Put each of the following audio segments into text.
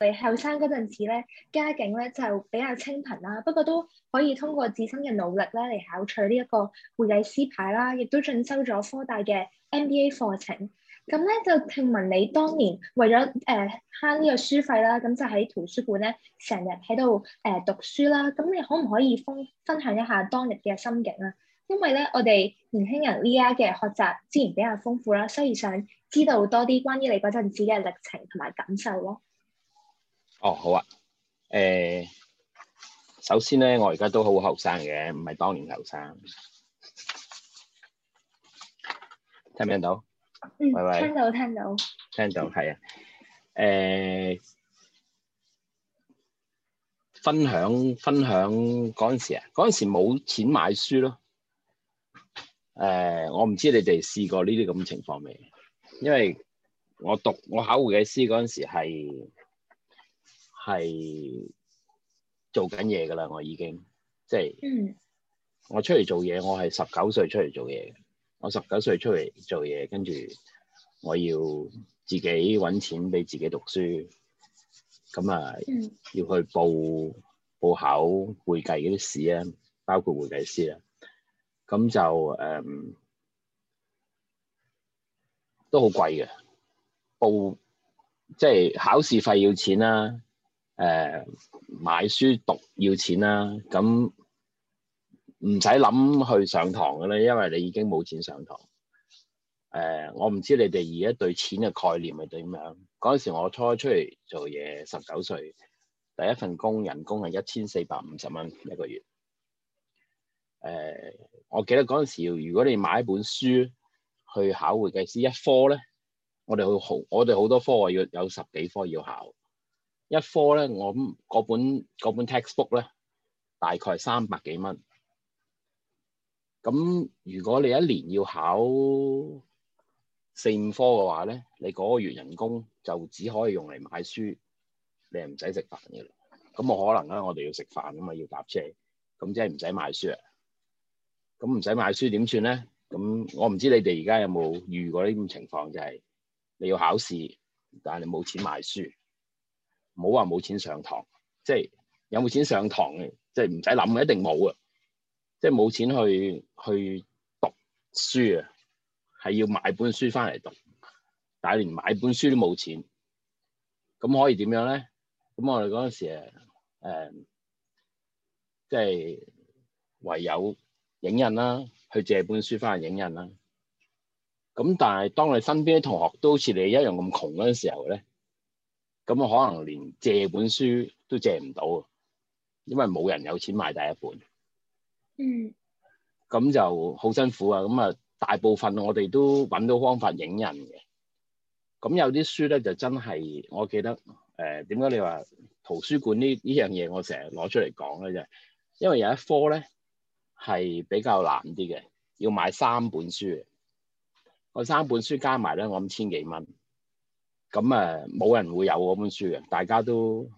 你後生嗰陣時咧，家境咧就比較清貧啦，不過都可以通過自身嘅努力咧嚟考取呢一個會計師牌啦，亦都進修咗科大嘅 MBA 課程。咁咧就聽聞你當年為咗誒慳呢個書費啦，咁就喺圖書館咧成日喺度誒讀書啦。咁你可唔可以分分享一下當日嘅心境啊？因為咧，我哋年輕人呢家嘅學習資源比較豐富啦，所以想知道多啲關於你嗰陣時嘅歷程同埋感受咯。哦，好啊。誒、呃，首先咧，我而家都好後生嘅，唔係當年後生。聽唔聽到？嗯，喂喂，聽到、嗯、拜拜聽到，聽到係啊。誒、呃，分享分享嗰陣時啊，嗰陣時冇錢買書咯。誒、呃，我唔知你哋試過呢啲咁情況未？因為我讀我考會計師嗰陣時係。係做緊嘢噶啦，我已經即係、嗯、我出嚟做嘢，我係十九歲出嚟做嘢。我十九歲出嚟做嘢，跟住我要自己揾錢俾自己讀書。咁啊，要去報報考會計嗰啲試啊，包括會計師啊。咁就誒、嗯、都好貴嘅，報即係考試費要錢啦、啊。誒買書讀要錢啦、啊，咁唔使諗去上堂嘅喇，因為你已經冇錢上堂。誒、呃，我唔知你哋而家對錢嘅概念係點樣？嗰陣時我初出嚟做嘢，十九歲第一份工，人工係一千四百五十蚊一個月。誒、呃，我記得嗰陣時，如果你買一本書去考會計師一科咧，我哋好，我哋好多科要有十幾科要考。一科咧，我本本 textbook 咧，大概三百幾蚊。咁如果你一年要考四五科嘅話咧，你嗰個月人工就只可以用嚟買書，你係唔使食飯嘅。咁冇可能啦，我哋要食飯噶嘛，要搭車。咁即係唔使買書啊。咁唔使買書點算咧？咁我唔知你哋而家有冇遇過呢種情況，就係你要考試，但係你冇錢買書。唔好話冇錢上堂，即係有冇錢上堂嘅，即係唔使諗嘅，一定冇啊！即係冇錢去去讀書啊，係要買本書翻嚟讀，但係連買本書都冇錢，咁可以點樣咧？咁我哋嗰陣時誒誒，即係唯有影印啦，去借本書翻嚟影印啦。咁但係當你身邊啲同學都好似你一樣咁窮嗰陣時候咧？咁啊，可能連借本書都借唔到，因為冇人有錢買第一本。嗯。咁就好辛苦啊！咁啊，大部分我哋都揾到方法影人嘅。咁有啲書咧就真係，我記得誒，點解你話圖書館呢呢樣嘢我成日攞出嚟講咧，就因為有一科咧係比較難啲嘅，要買三本書嘅，嗰三本書加埋咧，我諗千幾蚊。咁啊，冇人會有本書嘅，大家都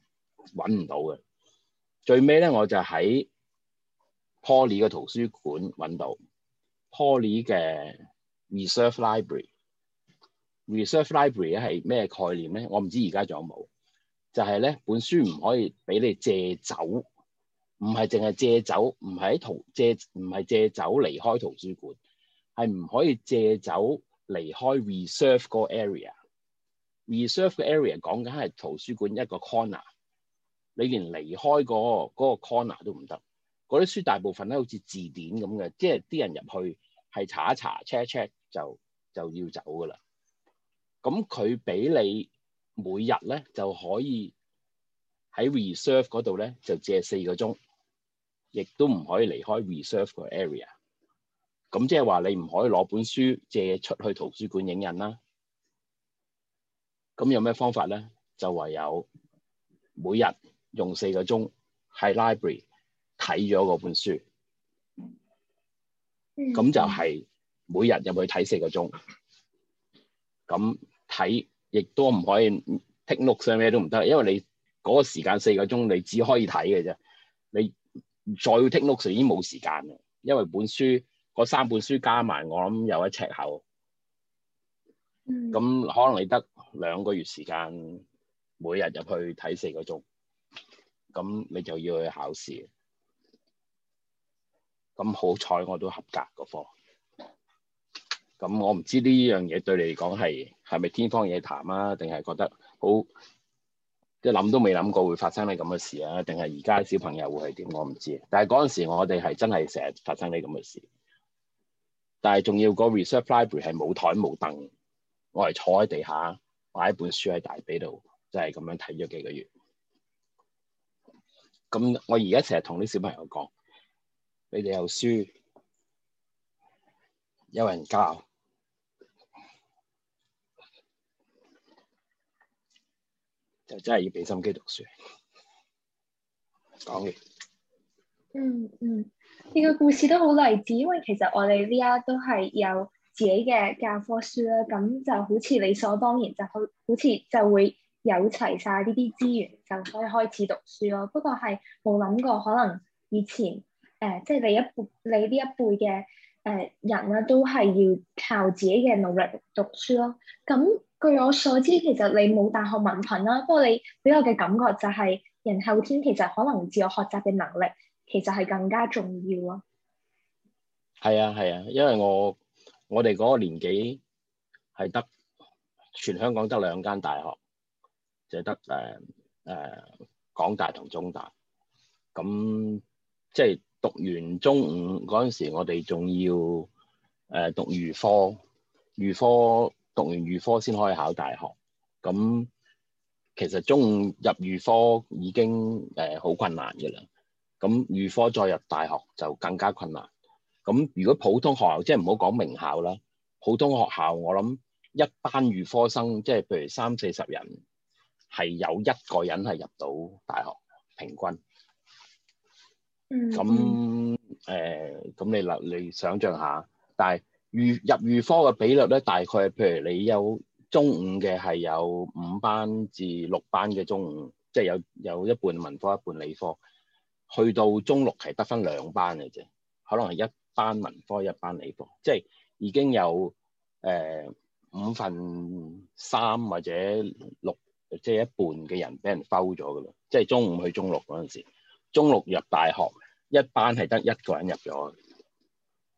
揾唔到嘅。最尾咧，我就喺 Poly 嘅圖書館揾到 Poly 嘅 reserve library。reserve library 咧係咩概念咧？我唔知而家仲有冇，就係、是、咧本書唔可以俾你借走，唔係淨係借走，唔係喺圖借，唔係借走離開圖書館，係唔可以借走離開 reserve 個 area。Reserve 嘅 area 講緊係圖書館一個 corner，你連離開個嗰個 corner 都唔得。嗰啲書大部分咧好似字典咁嘅，即係啲人入去係查一查 check 一 check 就就要走噶啦。咁佢俾你每日咧就可以喺 reserve 嗰度咧就借四個鐘，亦都唔可以離開 reserve 個 area。咁即係話你唔可以攞本書借出去圖書館影印啦。咁有咩方法咧？就唯有每日用四個鐘喺 library 睇咗嗰本書，咁、嗯、就係每日入去睇四個鐘。咁睇亦都唔可以 take notes 上咩都唔得，因為你嗰個時間四個鐘你只可以睇嘅啫，你再 take notes 上已經冇時間啦，因為本書嗰三本書加埋我諗有一尺厚。咁、嗯、可能你得兩個月時間，每日入去睇四個鐘，咁你就要去考試。咁好彩，我都合格嗰科。咁我唔知呢樣嘢對你嚟講係係咪天方夜譚啊，定係覺得好即諗都未諗過會發生呢咁嘅事啊？定係而家小朋友會係點？我唔知。但係嗰陣時我哋係真係成日發生呢咁嘅事，但係仲要個 research library 係冇台冇凳。我係坐喺地下，擺一本書喺大髀度，就係咁樣睇咗幾個月。咁我而家成日同啲小朋友講，你哋有書，有人教，就真係要俾心機讀書。講完。嗯嗯，呢、嗯，這個故事都好勵志，因為其實我哋呢家都係有。自己嘅教科書啦，咁就好似理所當然，就好好似就會有齊晒呢啲資源，就可以開始讀書咯。不過係冇諗過，可能以前誒，即係你一輩你呢一輩嘅誒人啦，都係要靠自己嘅努力讀書咯。咁據我所知，其實你冇大學文憑啦，不過你俾我嘅感覺就係人後天其實可能自我學習嘅能力其實係更加重要咯。係啊係啊，因為我。我哋嗰個年紀係得全香港得兩間大學，就得誒誒港大同中大。咁即係讀完中五嗰陣時我，我哋仲要誒讀預科，預科讀完預科先可以考大學。咁其實中五入預科已經誒好、呃、困難嘅啦。咁預科再入大學就更加困難。咁如果普通學校即係唔好講名校啦，普通學校我諗一班預科生，即係譬如三四十人，係有一個人係入到大學平均。咁誒、嗯，咁、呃、你諗你想像下，但係預入預科嘅比率咧，大概譬如你有中五嘅係有五班至六班嘅中五，即係有有一半文科一半理科，去到中六係得分兩班嘅啫，可能係一班文科一班理科，即係已經有誒、呃、五分三或者六，即係一半嘅人俾人摟咗噶啦。即係中五去中六嗰陣時，中六入大學，一班係得一個人入咗。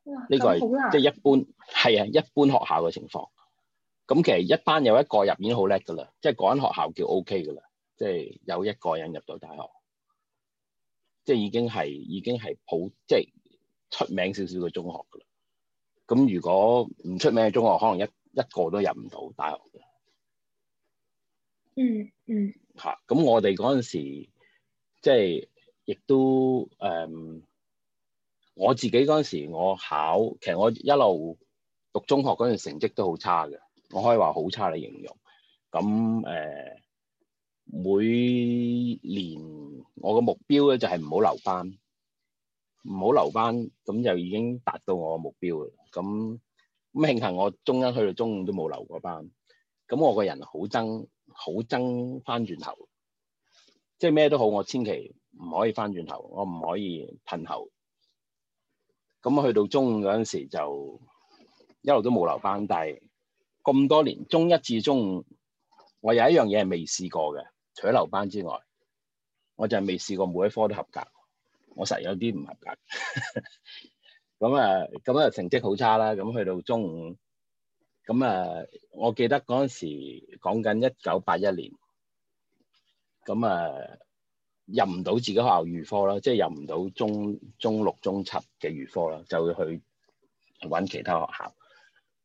呢個即係一般係啊，一般學校嘅情況。咁其實一班有一個入已經好叻噶啦，即係講緊學校叫 O K 噶啦，即係有一個人入到大學，即係已經係已經係好即係。出名少少嘅中學㗎啦，咁如果唔出名嘅中學，可能一一個都入唔到大學嘅、嗯。嗯、就是、嗯。嚇！咁我哋嗰陣時，即係亦都誒，我自己嗰陣時，我考其實我一路讀中學嗰陣時成績都好差嘅，我可以話好差嚟形容。咁誒、嗯，每年我個目標咧就係唔好留班。唔好留班，咁就已經達到我個目標啦。咁咁慶幸，我中一去到中五都冇留過班。咁我個人好憎好憎翻轉頭，即係咩都好，我千祈唔可以翻轉頭，我唔可以噴喉。咁去到中五嗰陣時，就一路都冇留班，但係咁多年，中一至中五，我有一樣嘢係未試過嘅，除咗留班之外，我就係未試過每一科都合格。我實有啲唔合格、 嗯，咁啊咁啊成績好差啦。咁、嗯、去到中五，咁、嗯、啊、嗯，我記得嗰陣時講緊一九八一年，咁、嗯、啊、嗯、入唔到自己學校預科啦，即係入唔到中中六中七嘅預科啦，就會去揾其他學校。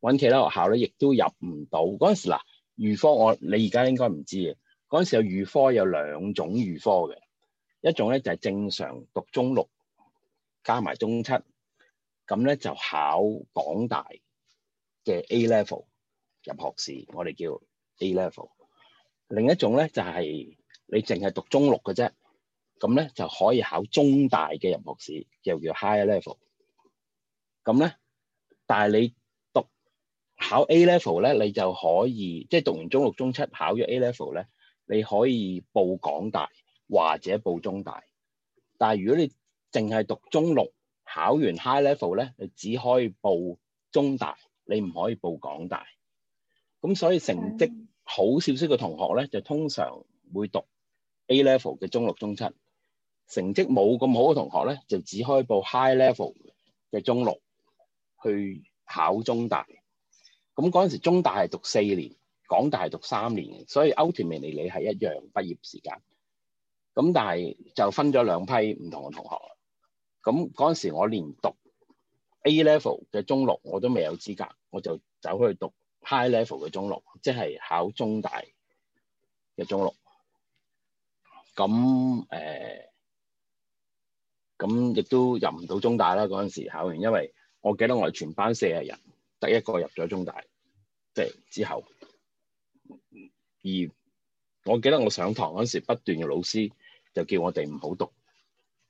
揾其他學校咧，亦都入唔到，嗰陣時嗱，預科我你而家應該唔知嘅，嗰陣時有預科有兩種預科嘅。一種咧就係、是、正常讀中六加埋中七，咁咧就考港大嘅 A level 入學試，我哋叫 A level。另一種咧就係、是、你淨係讀中六嘅啫，咁咧就可以考中大嘅入學試，又叫 Higher level。咁咧，但係你讀考 A level 咧，你就可以即係、就是、讀完中六中七考咗 A level 咧，你可以報港大。或者報中大，但係如果你淨係讀中六，考完 High Level 咧，你只可以報中大，你唔可以報港大。咁所以成績好少少嘅同學咧，就通常會讀 A Level 嘅中六中七。成績冇咁好嘅同學咧，就只可以報 High Level 嘅中六去考中大。咁嗰陣時，中大係讀四年，港大係讀三年，所以 ultimately，你係一樣畢業時間。咁但係就分咗兩批唔同嘅同學。咁嗰陣時，我連讀 A level 嘅中六我都未有資格，我就走去讀 High level 嘅中六，即係考中大嘅中六。咁誒，咁、呃、亦都入唔到中大啦。嗰陣時考完，因為我記得我係全班四十人，得一個入咗中大。即、就、係、是、之後，而我記得我上堂嗰陣時，不斷嘅老師。就叫我哋唔好讀，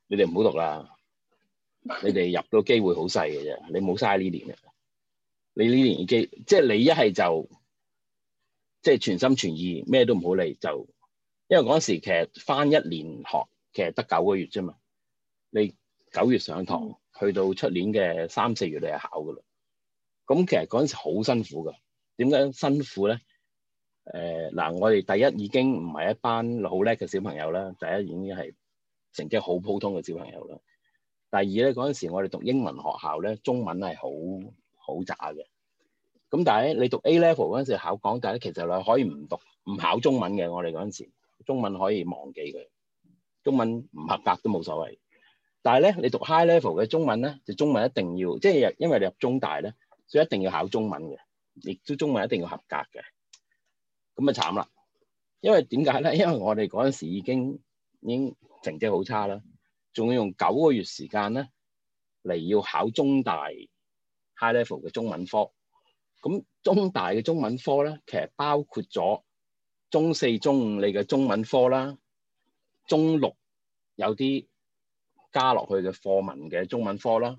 你哋唔好讀啦，你哋入到機會好細嘅啫，你冇嘥呢年嘅，你呢年嘅，已經即係你一係就即係全心全意咩都唔好理就，因為嗰陣時其實翻一年學其實得九個月啫嘛，你九月上堂，去到出年嘅三四月你係考㗎啦，咁其實嗰陣時好辛苦㗎，點解辛苦咧？誒，嗱，呃，我哋第一已經唔係一班好叻嘅小朋友啦，第一已經係成績好普通嘅小朋友啦。第二咧，嗰陣時我哋讀英文學校咧，中文係好好渣嘅。咁但係咧，你讀 A level 陣時考港大咧，其實你可以唔讀唔考中文嘅。我哋嗰陣時，中文可以忘記佢，中文唔合格都冇所謂。但係咧，你讀 High level 嘅中文咧，就中文一定要，即係因為你入中大咧，所以一定要考中文嘅，亦都中文一定要合格嘅。咁咪慘啦，因為點解咧？因為我哋嗰陣時已經已經成績好差啦，仲要用九個月時間咧嚟要考中大 high level 嘅中文科。咁中大嘅中文科咧，其實包括咗中四、中五你嘅中文科啦，中六有啲加落去嘅課文嘅中文科啦，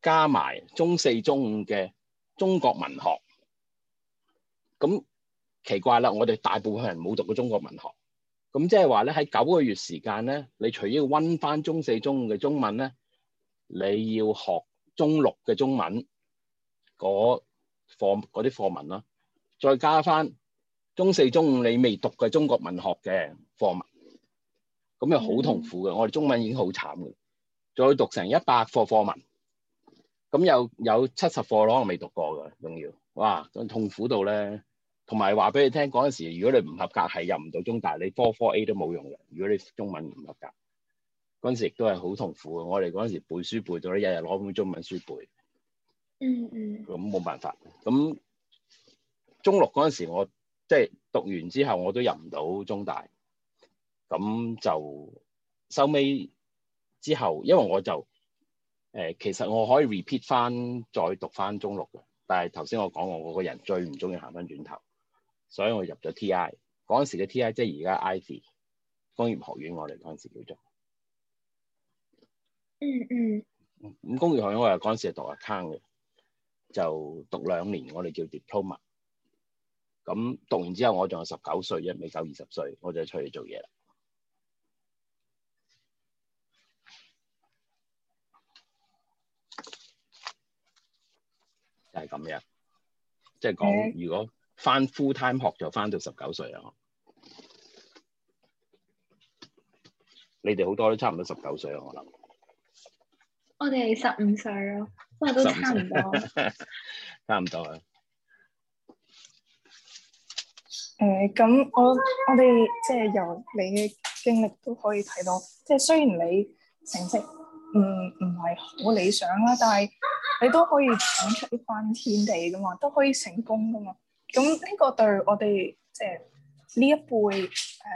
加埋中四、中五嘅中國文學。咁奇怪啦！我哋大部分人冇讀過中國文學，咁即係話咧喺九個月時間咧，你除咗要温翻中四、中五嘅中文咧，你要學中六嘅中文嗰啲課文啦，再加翻中四、中五你未讀嘅中國文學嘅課文，咁又好痛苦嘅。嗯、我哋中文已經好慘嘅，再讀成一百課課文，咁又有七十課可能未讀過㗎，仲要哇，痛苦到咧～同埋話俾你聽，嗰陣時如果你唔合格係入唔到中大，你科科 A 都冇用嘅。如果你中文唔合格，嗰陣時亦都係好痛苦嘅。我哋嗰陣時背書背到咧，日日攞本中文書背，嗯嗯，咁冇辦法。咁中六嗰陣時我，我即係讀完之後我都入唔到中大，咁就收尾之後，因為我就誒、呃、其實我可以 repeat 翻再讀翻中六嘅，但係頭先我講我個人最唔中意行翻轉頭。所以我入咗 T.I. 嗰陣時嘅 T.I. 即係而家 I.T. 工業學院，我哋嗰陣時叫做嗯嗯。咁、嗯、工業學院我嗰陣時係讀 account 嘅，就讀兩年，我哋叫 diploma。咁讀完之後我，我仲有十九歲啫，未夠二十歲，我就出去做嘢啦。就係、是、咁樣，即係講、嗯、如果。翻 full time 學就翻到十九歲啊！你哋好多都差唔多十九歲啊！我諗我哋十五歲咯，不過都差唔多，15 歲 差唔多啊。誒、嗯，咁我我哋即係由你嘅經歷都可以睇到，即係雖然你成績唔唔係好理想啦，但係你都可以闖出一番天地噶嘛，都可以成功噶嘛。咁呢個對我哋即係呢一輩誒、呃、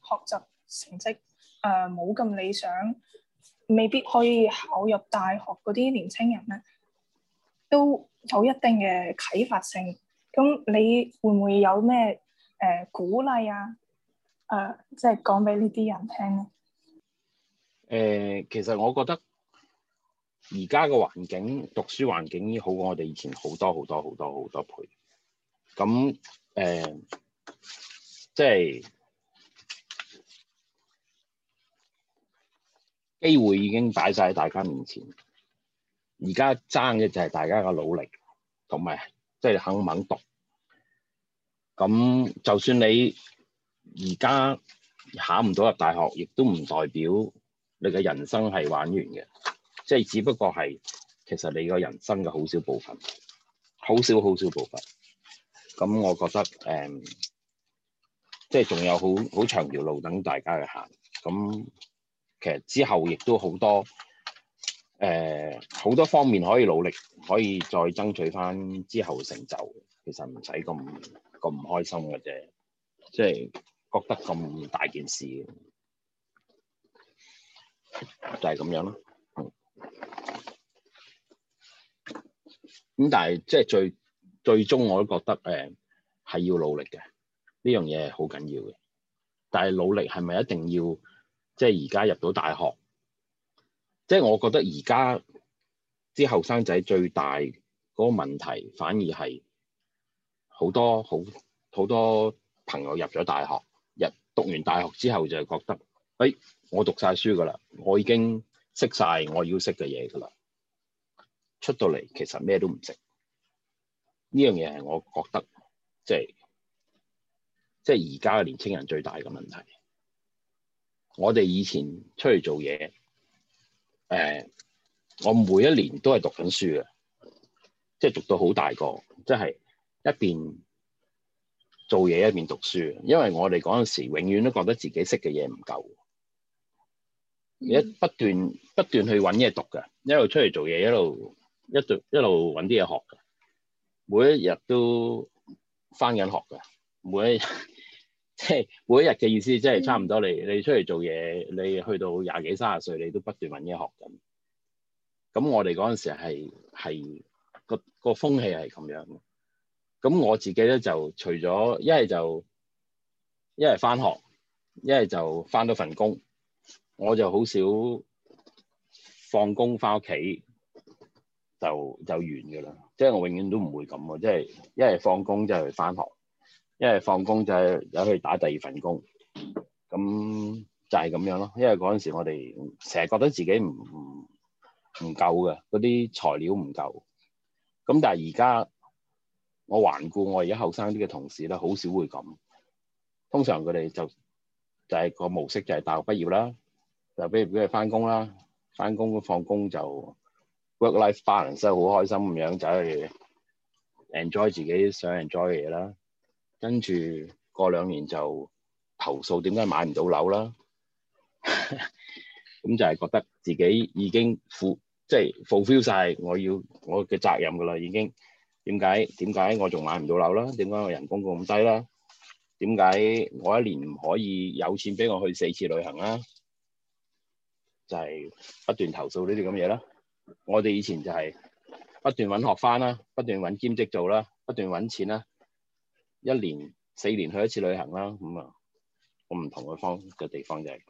學習成績誒冇咁理想，未必可以考入大學嗰啲年青人咧，都有一定嘅啟發性。咁你會唔會有咩誒、呃、鼓勵啊？誒、呃，即係講俾呢啲人聽咧？誒、呃，其實我覺得而家嘅環境，讀書環境好過我哋以前好多好多好多好多好多倍。咁誒、呃，即係機會已經擺晒喺大家面前，而家爭嘅就係大家嘅努力同埋即係肯唔肯讀。咁就算你而家考唔到入大學，亦都唔代表你嘅人生係玩完嘅，即係只不過係其實你個人生嘅好少、少部分，好少好少部分。咁我覺得誒、嗯，即係仲有好好長條路等大家去行。咁、嗯、其實之後亦都好多誒，好、呃、多方面可以努力，可以再爭取翻之後嘅成就。其實唔使咁咁唔開心嘅啫，即係覺得咁大件事，就係、是、咁樣咯。咁、嗯、但係即係最。最終我都覺得誒係、呃、要努力嘅，呢樣嘢好緊要嘅。但係努力係咪一定要即係而家入到大學？即係我覺得而家啲後生仔最大嗰個問題，反而係好多好好多朋友入咗大學，入讀完大學之後就覺得誒、哎，我讀晒書㗎啦，我已經識晒我要識嘅嘢㗎啦。出到嚟其實咩都唔識。呢樣嘢係我覺得，即係即係而家嘅年青人最大嘅問題。我哋以前出嚟做嘢，誒，我每一年都係讀緊書嘅，即係讀到好大個，即係一邊做嘢一邊讀書。因為我哋嗰陣時永遠都覺得自己識嘅嘢唔夠，一不斷不斷去揾嘢讀嘅，一路出嚟做嘢，一路一做一路揾啲嘢學。每一日都翻緊學嘅，每一日，即係每一日嘅意思，即係差唔多你。你你出嚟做嘢，你去到廿幾三十歲，你都不斷揾嘢學緊。咁我哋嗰陣時係係個個風氣係咁樣。咁我自己咧就除咗一係就一係翻學，一係就翻咗份工。我就好少放工翻屋企。就就完嘅啦，即係我永遠都唔會咁喎，即係一係放工就去翻學，一係放工就有去打第二份工，咁就係咁樣咯。因為嗰陣時我哋成日覺得自己唔唔唔夠嘅，嗰啲材料唔夠，咁但係而家我環顧我而家後生啲嘅同事咧，好少會咁，通常佢哋就就係個模式就係大學畢業啦，就比如比如翻工啦，翻工放工就。work-life balance 真係好開心咁樣走嚟 enjoy 自己想 enjoy 嘅嘢啦，跟住過兩年就投訴點解買唔到樓啦，咁 就係覺得自己已經 full 即係 fulfill 晒我要我嘅責任噶啦，已經點解點解我仲買唔到樓啦？點解我人工咁低啦？點解我一年唔可以有錢俾我去四次旅行啦？就係、是、不斷投訴呢啲咁嘢啦～我哋以前就係不斷揾學翻啦，不斷揾兼職做啦，不斷揾錢啦，一年四年去一次旅行啦，咁啊，我唔同嘅方嘅地方就係咁、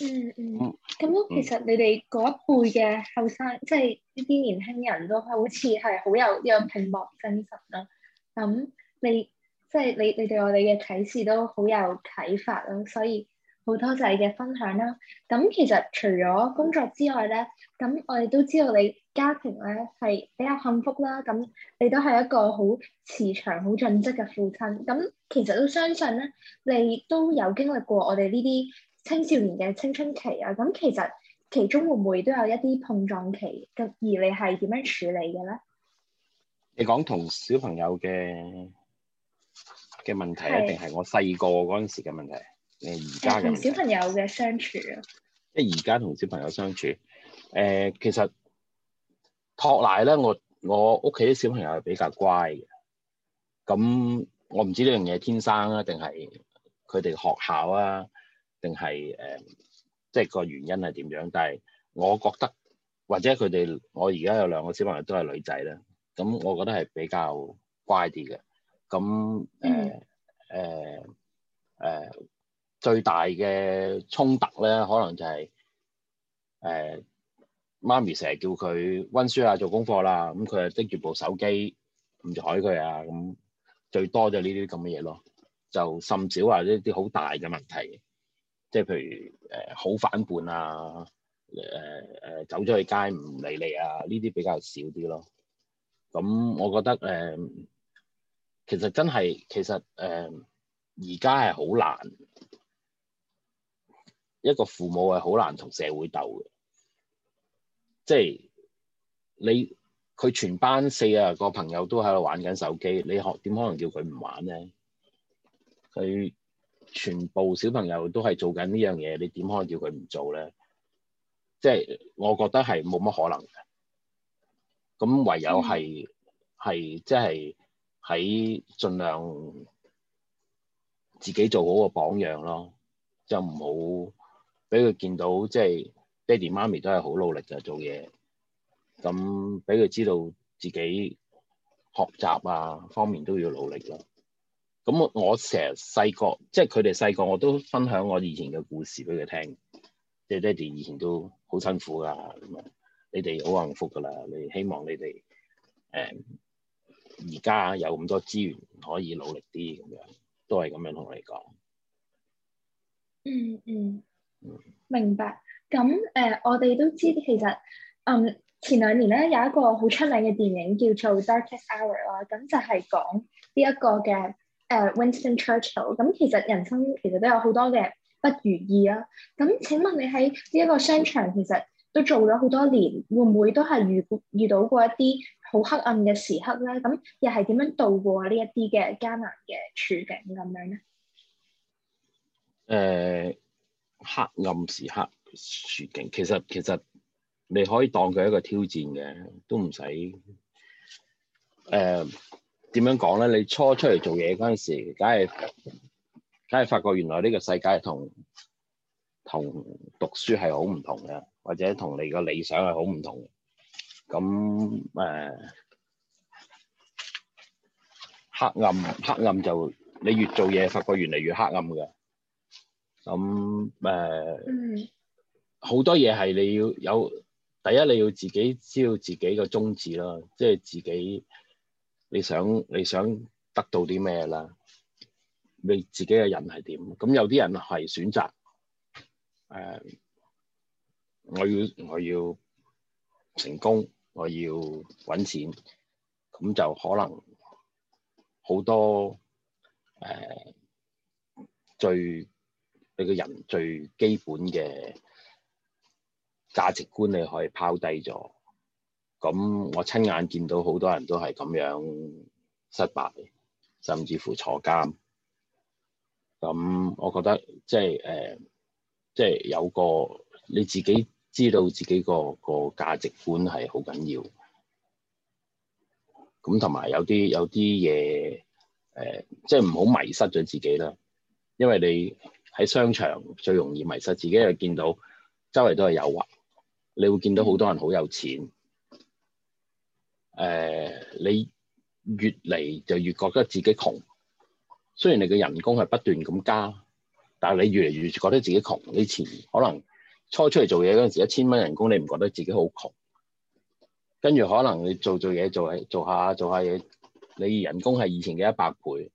嗯。嗯嗯，咁其實你哋嗰一輩嘅後生，即係呢啲年輕人都好似係好有呢個拼搏精神啦。咁你即係、就是、你你對我哋嘅啟示都好有啟發啦，所以。好多仔嘅分享啦，咁其實除咗工作之外咧，咁我哋都知道你家庭咧係比較幸福啦，咁你都係一個好慈祥、好盡職嘅父親。咁其實都相信咧，你都有經歷過我哋呢啲青少年嘅青春期啊。咁其實其中會唔會都有一啲碰撞期？咁而你係點樣處理嘅咧？你講同小朋友嘅嘅問題，定係的我細個嗰陣時嘅問題？誒，而家咁，小朋友嘅相處啊，即係而家同小朋友相處，誒、呃，其實托賴咧，我我屋企啲小朋友係比較乖嘅，咁我唔知呢樣嘢天生啊，定係佢哋學校啊，定係誒，即係個原因係點樣？但係我覺得或者佢哋，我而家有兩個小朋友都係女仔咧，咁我覺得係比較乖啲嘅，咁誒誒誒。呃嗯呃呃呃最大嘅衝突咧，可能就係、是、誒、呃、媽咪成日叫佢温書啊、做功課啦、啊，咁佢係拎住部手機唔睬佢啊。咁、嗯、最多就呢啲咁嘅嘢咯，就甚少話呢啲好大嘅問題，即係譬如誒好、呃、反叛啊、誒誒走咗去街唔理你啊，呢啲比較少啲咯。咁、嗯、我覺得誒、呃、其實真係其實誒而家係好難。一個父母係好難同社會鬥嘅，即係你佢全班四十個朋友都喺度玩緊手機，你學點可能叫佢唔玩咧？佢全部小朋友都係做緊呢樣嘢，你點可能叫佢唔做咧？即係我覺得係冇乜可能嘅。咁唯有係係即係喺盡量自己做好個榜樣咯，就唔好。俾佢見到即係爹哋媽咪都係好努力嘅做嘢，咁俾佢知道自己學習啊方面都要努力咯。咁我成日細個即係佢哋細個，我都分享我以前嘅故事俾佢聽。即係爹哋以前都好辛苦噶，咁啊你哋好幸福噶啦。你希望你哋誒而家有咁多資源可以努力啲，咁樣都係咁樣同你講。嗯。嗯嗯。明白，咁誒、呃，我哋都知其實，嗯，前兩年咧有一個好出名嘅電影叫做《Darkest Hour》啦，咁就係講呢一個嘅誒、呃、Winston Churchill。咁其實人生其實都有好多嘅不如意啊。咁請問你喺呢一個商場其實都做咗好多年，會唔會都係遇遇到過一啲好黑暗嘅時刻咧？咁又係點樣度過呢一啲嘅艱難嘅處境咁樣咧？誒、呃。黑暗時刻處境，其實其實你可以當佢一個挑戰嘅，都唔使誒、點樣講咧。你初出嚟做嘢嗰陣時，梗係梗係發覺原來呢個世界同同讀書係好唔同嘅，或者同你個理想係好唔同。咁誒、呃、黑暗黑暗就你越做嘢，發覺越嚟越黑暗嘅。咁誒，好多嘢係你要有，第一你要自己知道自己嘅宗旨啦，即係自己你想你想得到啲咩啦，你自己嘅人係點？咁有啲人係選擇誒，uh, 我要我要成功，我要揾錢，咁就可能好多誒、uh, 最。你個人最基本嘅價值觀，你可以拋低咗。咁我親眼見到好多人都係咁樣失敗，甚至乎坐監。咁我覺得即係誒，即係、呃、有個你自己知道自己個個價值觀係好緊要。咁同埋有啲有啲嘢誒，即係唔好迷失咗自己啦，因為你。喺商場最容易迷失自己，又見到周圍都係誘惑，你會見到好多人好有錢。誒、呃，你越嚟就越覺得自己窮。雖然你嘅人工係不斷咁加，但係你越嚟越覺得自己窮。你前可能初出嚟做嘢嗰陣時，一千蚊人工你唔覺得自己好窮，跟住可能你做做嘢做做下做下嘢，你人工係以前嘅一百倍，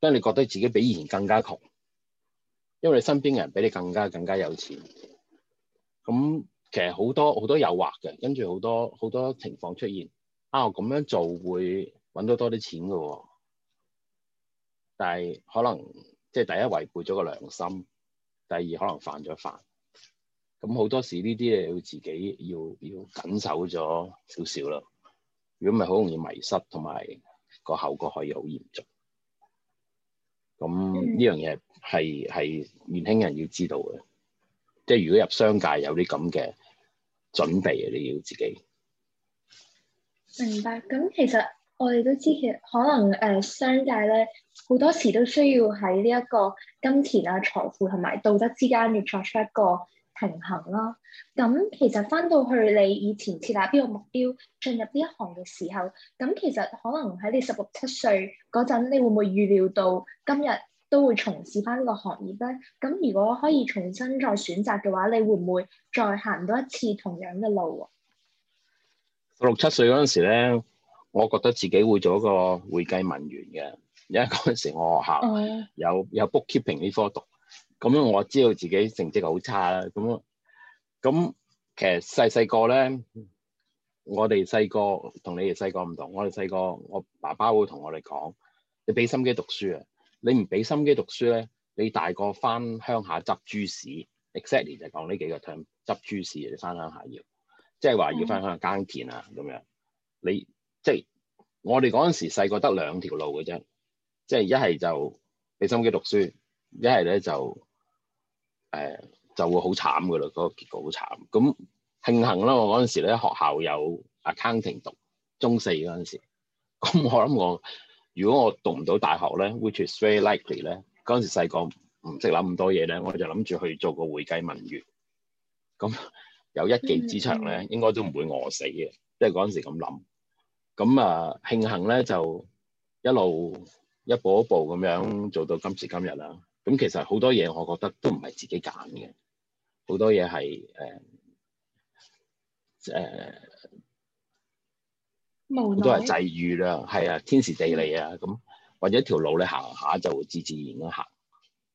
因為你覺得自己比以前更加窮。因為你身邊嘅人比你更加更加有錢，咁其實好多好多誘惑嘅，跟住好多好多情況出現，啊我咁樣做會揾到多啲錢嘅喎、哦，但係可能即係第一違背咗個良心，第二可能犯咗法，咁好多時呢啲嘢要自己要要緊守咗少少啦，如果唔係好容易迷失，同埋個後果可以好嚴重。咁呢樣嘢係係年輕人要知道嘅，即係如果入商界有啲咁嘅準備，你要自己明白。咁其實我哋都知，其實可能誒、呃、商界咧好多時都需要喺呢一個金錢啊、財富同埋啊道德之間要作出一個平衡啦，咁、嗯、其實翻到去你以前設立呢個目標，進入呢一行嘅時候，咁、嗯、其實可能喺你十六七歲嗰陣，你會唔會預料到今日都會從事翻呢個行業咧？咁、嗯、如果可以重新再選擇嘅話，你會唔會再行多一次同樣嘅路啊？十六七歲嗰陣時咧，我覺得自己會做一個會計文員嘅，因為嗰陣時我學校有、oh、yeah. 有，有 bookkeeping 呢科讀。咁樣我知道自己成績好差啦。咁咁其實細細個咧，我哋細個同你哋細個唔同。我哋細個，我爸爸會同我哋講：你俾心機讀書啊！你唔俾心機讀書咧，你大個翻鄉下執豬屎。exactly 就講呢幾個 term：執豬屎，你翻鄉下要，即係話要翻鄉下耕田啊咁、嗯、樣。你即係我哋嗰陣時細個得兩條路嘅啫，即係一係就俾心機讀書，一係咧就。誒、uh, 就會好慘噶嘞，嗰、那個結果好慘。咁慶幸啦，我嗰陣時咧學校有 accounting 讀中四嗰陣時，咁我諗我如果我讀唔到大學咧，which is very likely 咧，嗰陣時細個唔識諗咁多嘢咧，我就諗住去做個會計文員，咁有一技之長咧，mm hmm. 應該都唔會餓死嘅，即係嗰陣時咁諗。咁啊，慶幸咧就一路一步一步咁樣做到今時今日啦。咁其實好多嘢，我覺得都唔係自己揀嘅，好多嘢係誒誒，都係際遇啦，係啊，天時地利啊，咁或者一條路你行下就會自自然咁行。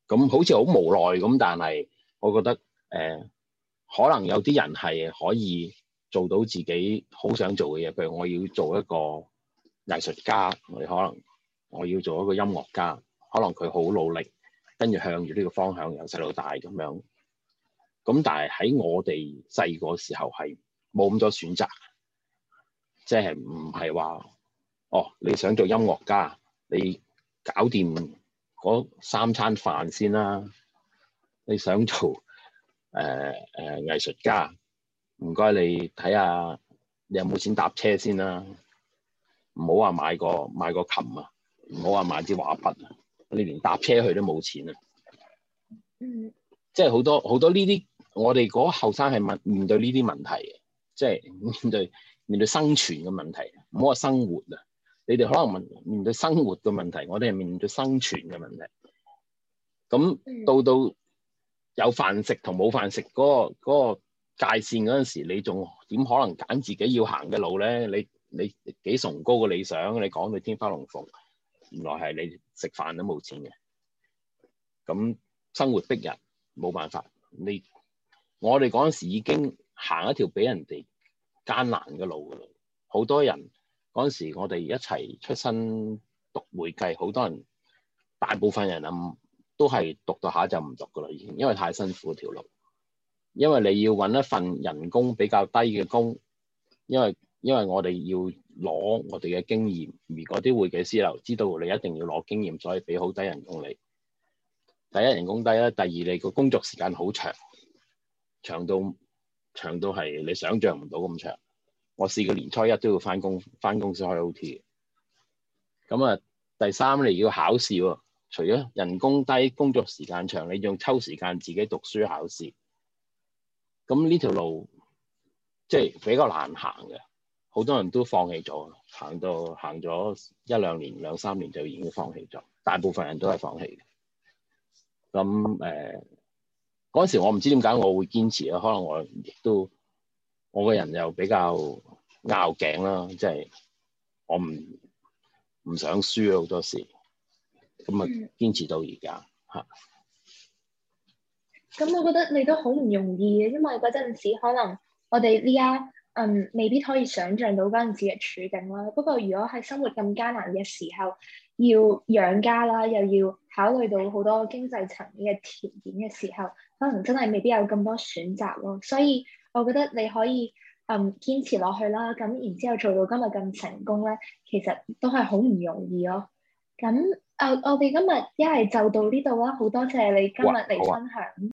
咁好似好無奈咁，但係我覺得誒、呃，可能有啲人係可以做到自己好想做嘅嘢，譬如我要做一個藝術家，我可能我要做一個音樂家，可能佢好努力。跟住向住呢個方向由細到大咁樣，咁但係喺我哋細個時候係冇咁多選擇，即係唔係話哦，你想做音樂家，你搞掂嗰三餐飯先啦。你想做誒誒、呃呃、藝術家，唔該你睇下你有冇錢搭車先啦。唔好話買個買個琴啊，唔好話買支畫筆啊。你連搭車去都冇錢啊！即係好多好多呢啲，我哋嗰後生係問面對呢啲問題嘅，即係面對面對生存嘅問題，唔好話生活啊！你哋可能問面對生活嘅問題，我哋係面對生存嘅問題。咁到到有飯食同冇飯食嗰個嗰個界線嗰陣時，你仲點可能揀自己要行嘅路咧？你你幾崇高嘅理想，你講到天花龍鳳。原來係你食飯都冇錢嘅，咁生活逼人，冇辦法。你我哋嗰陣時已經行一條俾人哋艱難嘅路㗎啦。好多人嗰陣時，我哋一齊出身讀會計，好多人大部分人啊，都係讀到下就唔讀㗎啦。已經因為太辛苦條路，因為你要搵一份人工比較低嘅工，因為。因為我哋要攞我哋嘅經驗，如果啲會計師樓知道你一定要攞經驗，所以俾好低人工你。第一人工低啦，第二你個工作時間好長，長到長到係你想象唔到咁長。我試過年初一都要翻工，翻公司開 OT 咁啊。第三你要考試喎，除咗人工低，工作時間長，你仲抽時間自己讀書考試。咁呢條路即係比較難行嘅。好多人都放棄咗，行到行咗一兩年、兩三年就已經放棄咗。大部分人都係放棄嘅。咁誒，嗰陣時我唔知點解我會堅持咯，可能我亦都我個人又比較拗頸啦，即係我唔唔想輸好多時，咁啊堅持到而家嚇。咁、嗯啊、我覺得你都好唔容易嘅，因為嗰陣時可能我哋呢家。嗯，未必可以想像到嗰陣時嘅處境啦。不過，如果喺生活咁艱難嘅時候，要養家啦，又要考慮到好多經濟層面嘅條件嘅時候，可能真係未必有咁多選擇咯。所以，我覺得你可以嗯堅持落去啦。咁然之後做到今日咁成功咧，其實都係好唔容易咯、哦。咁啊、呃，我哋今日一係就到呢度啦。好多謝你今日嚟分享。